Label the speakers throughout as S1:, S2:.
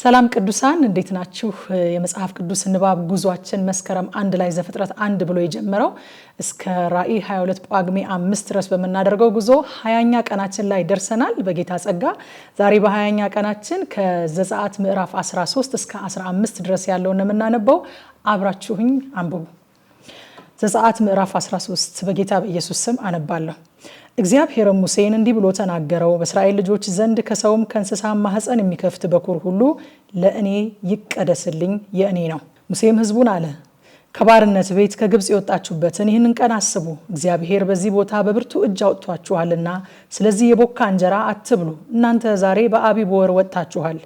S1: ሰላም ቅዱሳን እንዴት ናችሁ? የመጽሐፍ ቅዱስ ንባብ ጉዟችን መስከረም አንድ ላይ ዘፍጥረት አንድ ብሎ የጀመረው እስከ ራዕይ 22 ጳጉሜ አምስት ድረስ በምናደርገው ጉዞ ሀያኛ ቀናችን ላይ ደርሰናል። በጌታ ጸጋ ዛሬ በሀያኛ ቀናችን ከዘጸአት ምዕራፍ 13 እስከ 15 ድረስ ያለውን የምናነበው አብራችሁኝ አንብቡ። ዘጸአት ምዕራፍ 13 በጌታ በኢየሱስ ስም አነባለሁ። እግዚአብሔር ሙሴን እንዲህ ብሎ ተናገረው፣ በእስራኤል ልጆች ዘንድ ከሰውም ከእንስሳ ማህፀን የሚከፍት በኩር ሁሉ ለእኔ ይቀደስልኝ፣ የእኔ ነው። ሙሴም ህዝቡን አለ ከባርነት ቤት ከግብፅ የወጣችሁበትን ይህንን ቀን አስቡ። እግዚአብሔር በዚህ ቦታ በብርቱ እጅ አውጥቷችኋልና፣ ስለዚህ የቦካ እንጀራ አትብሉ። እናንተ ዛሬ በአቢብ ወር ወጥታችኋል።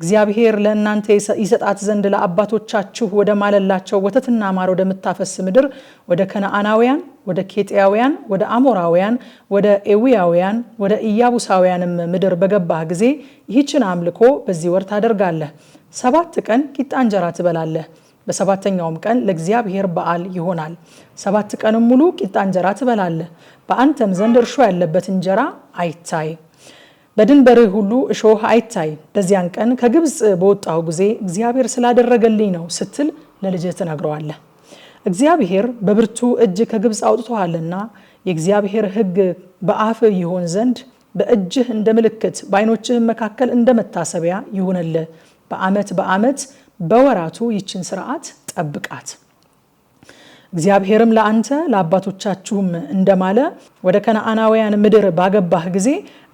S1: እግዚአብሔር ለእናንተ ይሰጣት ዘንድ ለአባቶቻችሁ ወደ ማለላቸው ወተትና ማር ወደምታፈስ ምድር ወደ ከነአናውያን ወደ ኬጥያውያን፣ ወደ አሞራውያን፣ ወደ ኤዊያውያን፣ ወደ ኢያቡሳውያንም ምድር በገባህ ጊዜ ይህችን አምልኮ በዚህ ወር ታደርጋለህ። ሰባት ቀን ቂጣ እንጀራ ትበላለህ። በሰባተኛውም ቀን ለእግዚአብሔር በዓል ይሆናል። ሰባት ቀንም ሙሉ ቂጣ እንጀራ ትበላለህ። በአንተም ዘንድ እርሾ ያለበት እንጀራ አይታይ፣ በድንበርህ ሁሉ እሾህ አይታይ። በዚያን ቀን ከግብፅ በወጣሁ ጊዜ እግዚአብሔር ስላደረገልኝ ነው ስትል ለልጅህ ትነግረዋለህ። እግዚአብሔር በብርቱ እጅ ከግብፅ አውጥቶሃልና የእግዚአብሔር ሕግ በአፍ ይሆን ዘንድ በእጅህ እንደ ምልክት በዓይኖችህ መካከል እንደ መታሰቢያ ይሁንልህ። በዓመት በዓመት በወራቱ ይችን ስርዓት ጠብቃት። እግዚአብሔርም ለአንተ ለአባቶቻችሁም እንደማለ ወደ ከነአናውያን ምድር ባገባህ ጊዜ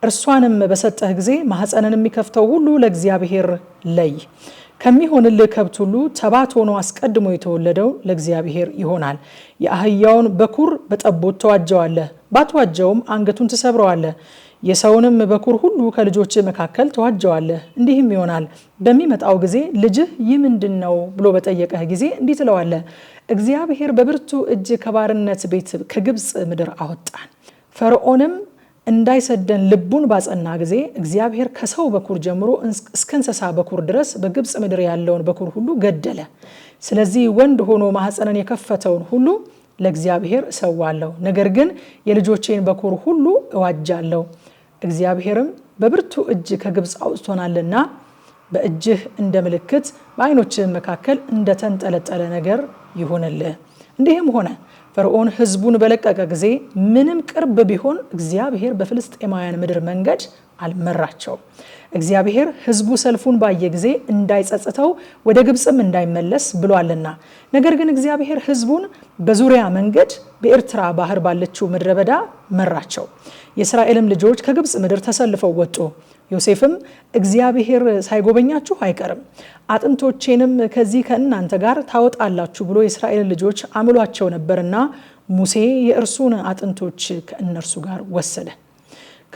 S1: እርሷንም በሰጠህ ጊዜ ማህፀንን የሚከፍተው ሁሉ ለእግዚአብሔር ለይ ከሚሆንልህ ከብት ሁሉ ተባት ሆኖ አስቀድሞ የተወለደው ለእግዚአብሔር ይሆናል። የአህያውን በኩር በጠቦት ተዋጀዋለህ፣ ባትዋጀውም አንገቱን ትሰብረዋለህ። የሰውንም በኩር ሁሉ ከልጆች መካከል ተዋጀዋለህ። እንዲህም ይሆናል በሚመጣው ጊዜ ልጅህ ይህ ምንድን ነው ብሎ በጠየቀህ ጊዜ እንዲህ ትለዋለህ፣ እግዚአብሔር በብርቱ እጅ ከባርነት ቤት ከግብፅ ምድር አወጣን። ፈርዖንም እንዳይሰደን ልቡን ባጸና ጊዜ እግዚአብሔር ከሰው በኩር ጀምሮ እስከ እንስሳ በኩር ድረስ በግብፅ ምድር ያለውን በኩር ሁሉ ገደለ። ስለዚህ ወንድ ሆኖ ማኅፀንን የከፈተውን ሁሉ ለእግዚአብሔር እሰዋለሁ፣ ነገር ግን የልጆቼን በኩር ሁሉ እዋጃለሁ። እግዚአብሔርም በብርቱ እጅ ከግብፅ አውጥቶናልና በእጅህ እንደ ምልክት በዓይኖችህ መካከል እንደተንጠለጠለ ነገር ይሆንልህ። እንዲህም ሆነ ፈርዖን ህዝቡን በለቀቀ ጊዜ ምንም ቅርብ ቢሆን እግዚአብሔር በፍልስጤማውያን ምድር መንገድ አልመራቸውም። እግዚአብሔር ህዝቡ ሰልፉን ባየ ጊዜ እንዳይጸጽተው ወደ ግብፅም እንዳይመለስ ብሏልና። ነገር ግን እግዚአብሔር ህዝቡን በዙሪያ መንገድ በኤርትራ ባህር ባለችው ምድረ በዳ መራቸው። የእስራኤልም ልጆች ከግብፅ ምድር ተሰልፈው ወጡ። ዮሴፍም እግዚአብሔር ሳይጎበኛችሁ አይቀርም፣ አጥንቶቼንም ከዚህ ከእናንተ ጋር ታወጣላችሁ ብሎ የእስራኤልን ልጆች አምሏቸው ነበርና ሙሴ የእርሱን አጥንቶች ከእነርሱ ጋር ወሰደ።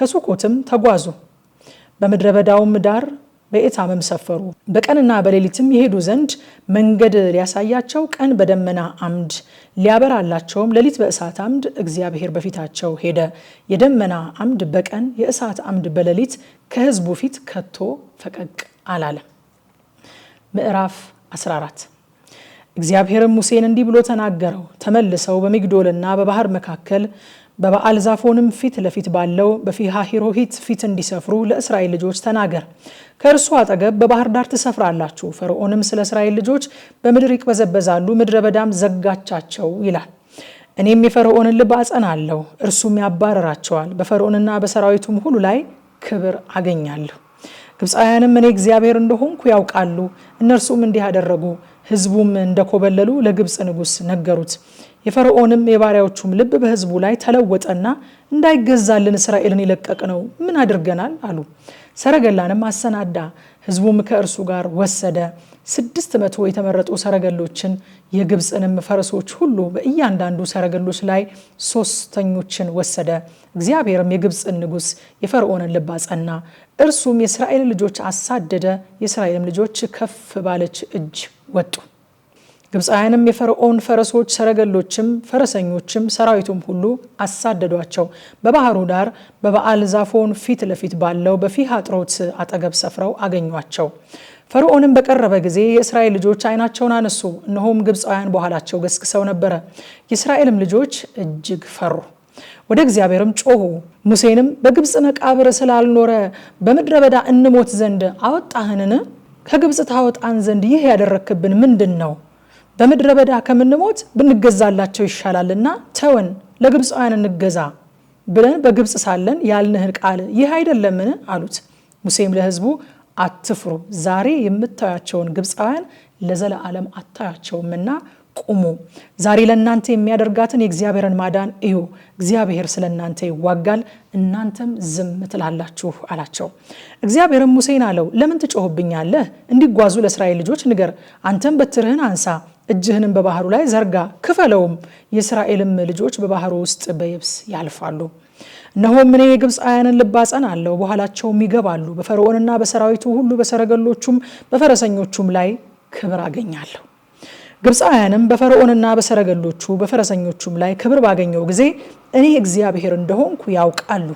S1: ከሱቆትም ተጓዙ። በምድረ በዳውም ዳር በኤት አመም ሰፈሩ በቀንና በሌሊትም ይሄዱ ዘንድ መንገድ ሊያሳያቸው ቀን በደመና አምድ ሊያበራላቸውም ሌሊት በእሳት አምድ እግዚአብሔር በፊታቸው ሄደ። የደመና አምድ በቀን የእሳት አምድ በሌሊት ከሕዝቡ ፊት ከቶ ፈቀቅ አላለ። ምዕራፍ 14 እግዚአብሔርም ሙሴን እንዲህ ብሎ ተናገረው። ተመልሰው በሚግዶልና በባህር መካከል በበዓል ዛፎንም ፊት ለፊት ባለው በፊሃ ሂሮሂት ፊት እንዲሰፍሩ ለእስራኤል ልጆች ተናገር። ከእርሱ አጠገብ በባህር ዳር ትሰፍራላችሁ። ፈርዖንም ስለ እስራኤል ልጆች በምድር ይቅበዘበዛሉ፣ ምድረ በዳም ዘጋቻቸው ይላል። እኔም የፈርዖንን ልብ አጸናለሁ፣ እርሱም ያባረራቸዋል። በፈርዖንና በሰራዊቱም ሁሉ ላይ ክብር አገኛለሁ። ግብፃውያንም እኔ እግዚአብሔር እንደሆንኩ ያውቃሉ። እነርሱም እንዲህ አደረጉ፣ ሕዝቡም እንደኮበለሉ ለግብፅ ንጉሥ ነገሩት። የፈርዖንም የባሪያዎቹም ልብ በህዝቡ ላይ ተለወጠና እንዳይገዛልን እስራኤልን የለቀቅ ነው ምን አድርገናል አሉ። ሰረገላንም አሰናዳ፣ ህዝቡም ከእርሱ ጋር ወሰደ። ስድስት መቶ የተመረጡ ሰረገሎችን የግብፅንም ፈረሶች ሁሉ በእያንዳንዱ ሰረገሎች ላይ ሶስተኞችን ወሰደ። እግዚአብሔርም የግብፅን ንጉሥ የፈርዖንን ልብ አጸና፣ እርሱም የእስራኤልን ልጆች አሳደደ። የእስራኤልም ልጆች ከፍ ባለች እጅ ወጡ። ግብፃውያንም የፈርዖን ፈረሶች፣ ሰረገሎችም፣ ፈረሰኞችም ሰራዊቱም ሁሉ አሳደዷቸው። በባህሩ ዳር በበዓል ዛፎን ፊት ለፊት ባለው በፊሃጥሮት አጠገብ ሰፍረው አገኟቸው። ፈርዖንም በቀረበ ጊዜ የእስራኤል ልጆች ዓይናቸውን አነሱ፣ እነሆም ግብፃውያን በኋላቸው ገስግሰው ነበረ። የእስራኤልም ልጆች እጅግ ፈሩ፣ ወደ እግዚአብሔርም ጮሁ ሙሴንም በግብፅ መቃብር ስላልኖረ በምድረ በዳ እንሞት ዘንድ አወጣህንን? ከግብፅ ታወጣን ዘንድ ይህ ያደረክብን ምንድን ነው? በምድረ በዳ ከምንሞት ብንገዛላቸው ይሻላልና ተወን፣ ለግብፃውያን እንገዛ ብለን በግብፅ ሳለን ያልንህን ቃል ይህ አይደለምን አሉት። ሙሴም ለህዝቡ አትፍሩ፣ ዛሬ የምታያቸውን ግብፃውያን ለዘለዓለም አታያቸውምና ቁሙ፣ ዛሬ ለእናንተ የሚያደርጋትን የእግዚአብሔርን ማዳን እዩ። እግዚአብሔር ስለ እናንተ ይዋጋል፣ እናንተም ዝም ትላላችሁ አላቸው። እግዚአብሔርም ሙሴን አለው፣ ለምን ትጮህብኛለህ? እንዲጓዙ ለእስራኤል ልጆች ንገር። አንተም በትርህን አንሳ እጅህንም በባህሩ ላይ ዘርጋ ክፈለውም፣ የእስራኤልም ልጆች በባህሩ ውስጥ በየብስ ያልፋሉ። እነሆም እኔ የግብፃውያንን ልብ አጸናለሁ፣ በኋላቸውም ይገባሉ። በፈርዖንና በሰራዊቱ ሁሉ በሰረገሎቹም በፈረሰኞቹም ላይ ክብር አገኛለሁ። ግብፃውያንም በፈርዖንና በሰረገሎቹ በፈረሰኞቹም ላይ ክብር ባገኘው ጊዜ እኔ እግዚአብሔር እንደሆንኩ ያውቃሉ።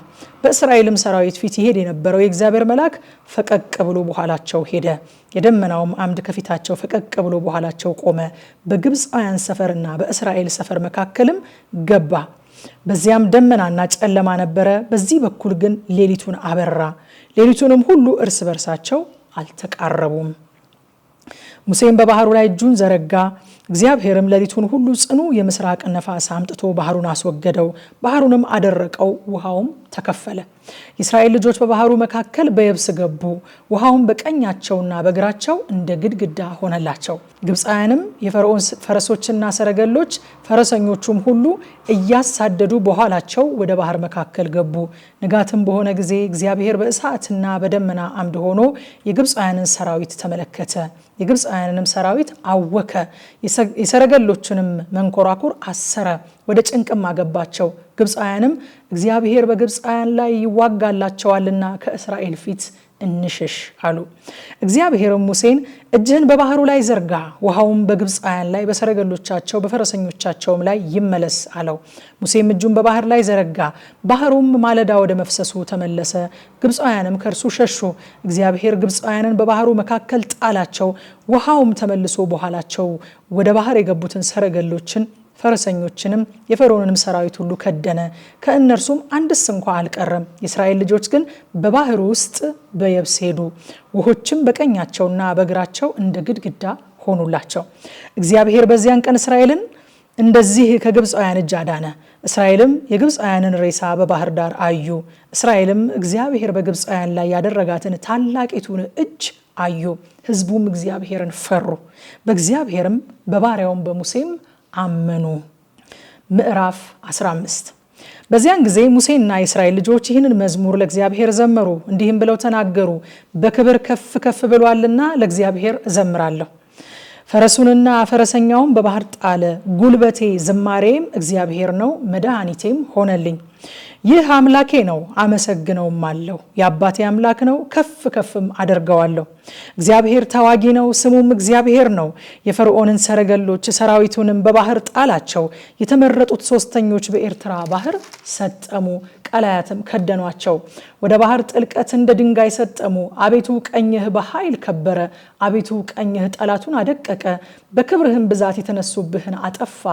S1: በእስራኤልም ሰራዊት ፊት ይሄድ የነበረው የእግዚአብሔር መልአክ ፈቀቅ ብሎ በኋላቸው ሄደ። የደመናውም አምድ ከፊታቸው ፈቀቅ ብሎ በኋላቸው ቆመ። በግብፃውያን ሰፈርና በእስራኤል ሰፈር መካከልም ገባ። በዚያም ደመናና ጨለማ ነበረ። በዚህ በኩል ግን ሌሊቱን አበራ። ሌሊቱንም ሁሉ እርስ በርሳቸው አልተቃረቡም። ሙሴም በባህሩ ላይ እጁን ዘረጋ። እግዚአብሔርም ሌሊቱን ሁሉ ጽኑ የምስራቅ ነፋስ አምጥቶ ባህሩን አስወገደው፣ ባህሩንም አደረቀው፣ ውሃውም ተከፈለ። የእስራኤል ልጆች በባህሩ መካከል በየብስ ገቡ፣ ውሃውን በቀኛቸውና በግራቸው እንደ ግድግዳ ሆነላቸው። ግብፃውያንም የፈርዖን ፈረሶችና ሰረገሎች፣ ፈረሰኞቹም ሁሉ እያሳደዱ በኋላቸው ወደ ባህር መካከል ገቡ። ንጋትም በሆነ ጊዜ እግዚአብሔር በእሳትና በደመና አምድ ሆኖ የግብፃውያንን ሰራዊት ተመለከተ። የግብፃውያንንም ሰራዊት አወከ፣ የሰረገሎችንም መንኮራኩር አሰረ፣ ወደ ጭንቅም አገባቸው። ግብፃውያንም እግዚአብሔር በግብፃውያን ላይ ይዋጋላቸዋልና ከእስራኤል ፊት እንሽሽ አሉ። እግዚአብሔርም ሙሴን እጅህን በባህሩ ላይ ዘርጋ፣ ውሃውም በግብፃውያን ላይ በሰረገሎቻቸው በፈረሰኞቻቸውም ላይ ይመለስ አለው። ሙሴም እጁን በባህር ላይ ዘረጋ፣ ባህሩም ማለዳ ወደ መፍሰሱ ተመለሰ። ግብፃውያንም ከእርሱ ሸሹ። እግዚአብሔር ግብፃውያንን በባህሩ መካከል ጣላቸው። ውሃውም ተመልሶ በኋላቸው ወደ ባህር የገቡትን ሰረገሎችን ፈረሰኞችንም የፈርዖንንም ሰራዊት ሁሉ ከደነ፣ ከእነርሱም አንድስ እንኳ አልቀረም። የእስራኤል ልጆች ግን በባህር ውስጥ በየብስ ሄዱ፣ ውሆችም በቀኛቸውና በግራቸው እንደ ግድግዳ ሆኑላቸው። እግዚአብሔር በዚያን ቀን እስራኤልን እንደዚህ ከግብፃውያን እጅ አዳነ። እስራኤልም የግብፃውያንን ሬሳ በባህር ዳር አዩ። እስራኤልም እግዚአብሔር በግብፃውያን ላይ ያደረጋትን ታላቂቱን እጅ አዩ። ሕዝቡም እግዚአብሔርን ፈሩ፣ በእግዚአብሔርም በባሪያውም በሙሴም አመኑ። ምዕራፍ 15 በዚያን ጊዜ ሙሴና የእስራኤል ልጆች ይህንን መዝሙር ለእግዚአብሔር ዘመሩ፣ እንዲህም ብለው ተናገሩ። በክብር ከፍ ከፍ ብሏልና ለእግዚአብሔር እዘምራለሁ ፈረሱንና ፈረሰኛውን በባህር ጣለ። ጉልበቴ ዝማሬም እግዚአብሔር ነው፣ መድኃኒቴም ሆነልኝ። ይህ አምላኬ ነው፣ አመሰግነውም አለሁ። የአባቴ አምላክ ነው፣ ከፍ ከፍም አደርገዋለሁ። እግዚአብሔር ተዋጊ ነው፣ ስሙም እግዚአብሔር ነው። የፈርዖንን ሰረገሎች ሰራዊቱንም በባህር ጣላቸው። የተመረጡት ሶስተኞች በኤርትራ ባህር ሰጠሙ። ቀላያትም ከደኗቸው። ወደ ባህር ጥልቀት እንደ ድንጋይ ሰጠሙ። አቤቱ ቀኝህ በኃይል ከበረ። አቤቱ ቀኝህ ጠላቱን አደቀቀ። በክብርህም ብዛት የተነሱብህን አጠፋ።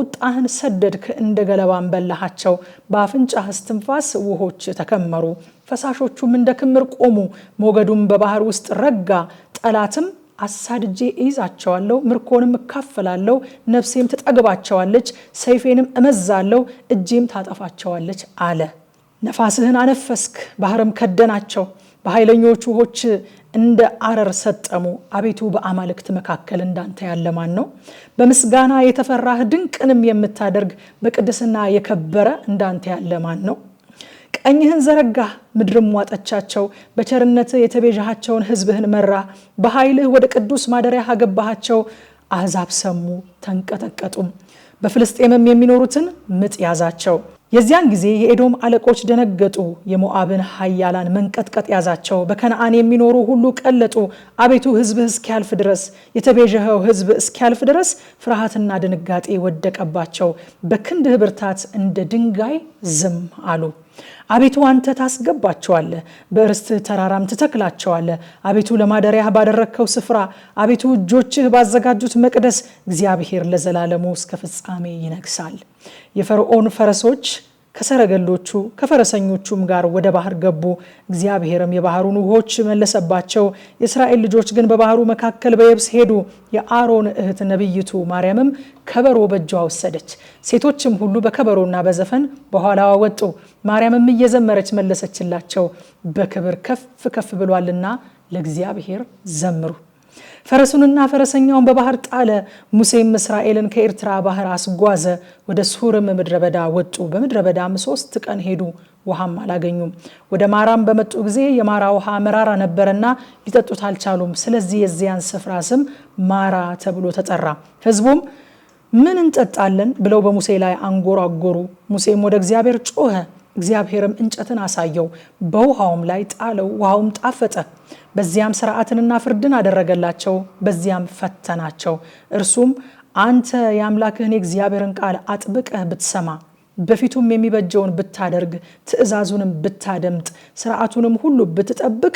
S1: ቁጣህን ሰደድክ፣ እንደ ገለባን በላሃቸው። በአፍንጫህ እስትንፋስ ውሆች ተከመሩ። ፈሳሾቹም እንደ ክምር ቆሙ። ሞገዱም በባህር ውስጥ ረጋ። ጠላትም አሳድጄ እይዛቸዋለሁ፣ ምርኮንም እካፈላለሁ፣ ነፍሴም ትጠግባቸዋለች፣ ሰይፌንም እመዛለሁ፣ እጄም ታጠፋቸዋለች አለ። ነፋስህን አነፈስክ፣ ባህርም ከደናቸው፣ በኃይለኞቹ ውሆች እንደ አረር ሰጠሙ። አቤቱ በአማልክት መካከል እንዳንተ ያለ ማን ነው? በምስጋና የተፈራህ ድንቅንም የምታደርግ በቅድስና የከበረ እንዳንተ ያለ ማን ነው? ቀኝህን ዘረጋ ምድርም ዋጠቻቸው። በቸርነት የተቤዣሃቸውን ህዝብህን መራ። በኃይልህ ወደ ቅዱስ ማደሪያ አገባሃቸው። አሕዛብ ሰሙ ተንቀጠቀጡም፣ በፍልስጤምም የሚኖሩትን ምጥ ያዛቸው። የዚያን ጊዜ የኤዶም አለቆች ደነገጡ፣ የሞዓብን ኃያላን መንቀጥቀጥ ያዛቸው፣ በከነአን የሚኖሩ ሁሉ ቀለጡ። አቤቱ ሕዝብህ እስኪያልፍ ድረስ የተቤዠኸው ሕዝብ እስኪያልፍ ድረስ ፍርሃትና ድንጋጤ ወደቀባቸው፣ በክንድህ ብርታት እንደ ድንጋይ ዝም አሉ። አቤቱ አንተ ታስገባቸዋለህ፣ በእርስትህ ተራራም ትተክላቸዋለህ። አቤቱ ለማደሪያህ ባደረግከው ስፍራ፣ አቤቱ እጆችህ ባዘጋጁት መቅደስ እግዚአብሔር ለዘላለሙ እስከ ፍጻሜ ይነግሳል። የፈርዖን ፈረሶች ከሰረገሎቹ ከፈረሰኞቹም ጋር ወደ ባህር ገቡ። እግዚአብሔርም የባህሩን ውሆች መለሰባቸው። የእስራኤል ልጆች ግን በባህሩ መካከል በየብስ ሄዱ። የአሮን እህት ነቢይቱ ማርያምም ከበሮ በእጇ ወሰደች። ሴቶችም ሁሉ በከበሮና በዘፈን በኋላዋ ወጡ። ማርያምም እየዘመረች መለሰችላቸው፣ በክብር ከፍ ከፍ ብሏልና ለእግዚአብሔር ዘምሩ ፈረሱንና ፈረሰኛውን በባህር ጣለ። ሙሴም እስራኤልን ከኤርትራ ባህር አስጓዘ። ወደ ሱርም ምድረ በዳ ወጡ። በምድረ በዳም ሶስት ቀን ሄዱ፣ ውሃም አላገኙም። ወደ ማራም በመጡ ጊዜ የማራ ውሃ መራራ ነበረና ሊጠጡት አልቻሉም። ስለዚህ የዚያን ስፍራ ስም ማራ ተብሎ ተጠራ። ህዝቡም ምን እንጠጣለን ብለው በሙሴ ላይ አንጎራጎሩ። ሙሴም ወደ እግዚአብሔር ጮኸ። እግዚአብሔርም እንጨትን አሳየው፣ በውሃውም ላይ ጣለው፣ ውሃውም ጣፈጠ። በዚያም ስርዓትንና ፍርድን አደረገላቸው፣ በዚያም ፈተናቸው። እርሱም አንተ የአምላክህን የእግዚአብሔርን ቃል አጥብቀህ ብትሰማ በፊቱም የሚበጀውን ብታደርግ ትእዛዙንም ብታደምጥ ስርዓቱንም ሁሉ ብትጠብቅ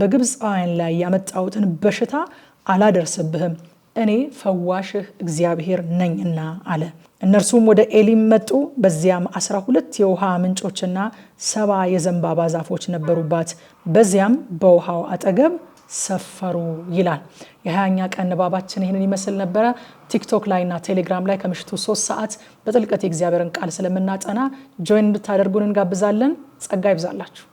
S1: በግብፃውያን ላይ ያመጣሁትን በሽታ አላደርስብህም እኔ ፈዋሽህ እግዚአብሔር ነኝና አለ። እነርሱም ወደ ኤሊም መጡ። በዚያም አስራ ሁለት የውሃ ምንጮችና ሰባ የዘንባባ ዛፎች ነበሩባት። በዚያም በውሃው አጠገብ ሰፈሩ ይላል። የሀያኛ ቀን ንባባችን ይህንን ይመስል ነበረ። ቲክቶክ ላይና ቴሌግራም ላይ ከምሽቱ ሶስት ሰዓት በጥልቀት የእግዚአብሔርን ቃል ስለምናጠና ጆይን እንድታደርጉን እንጋብዛለን። ጸጋ ይብዛላችሁ።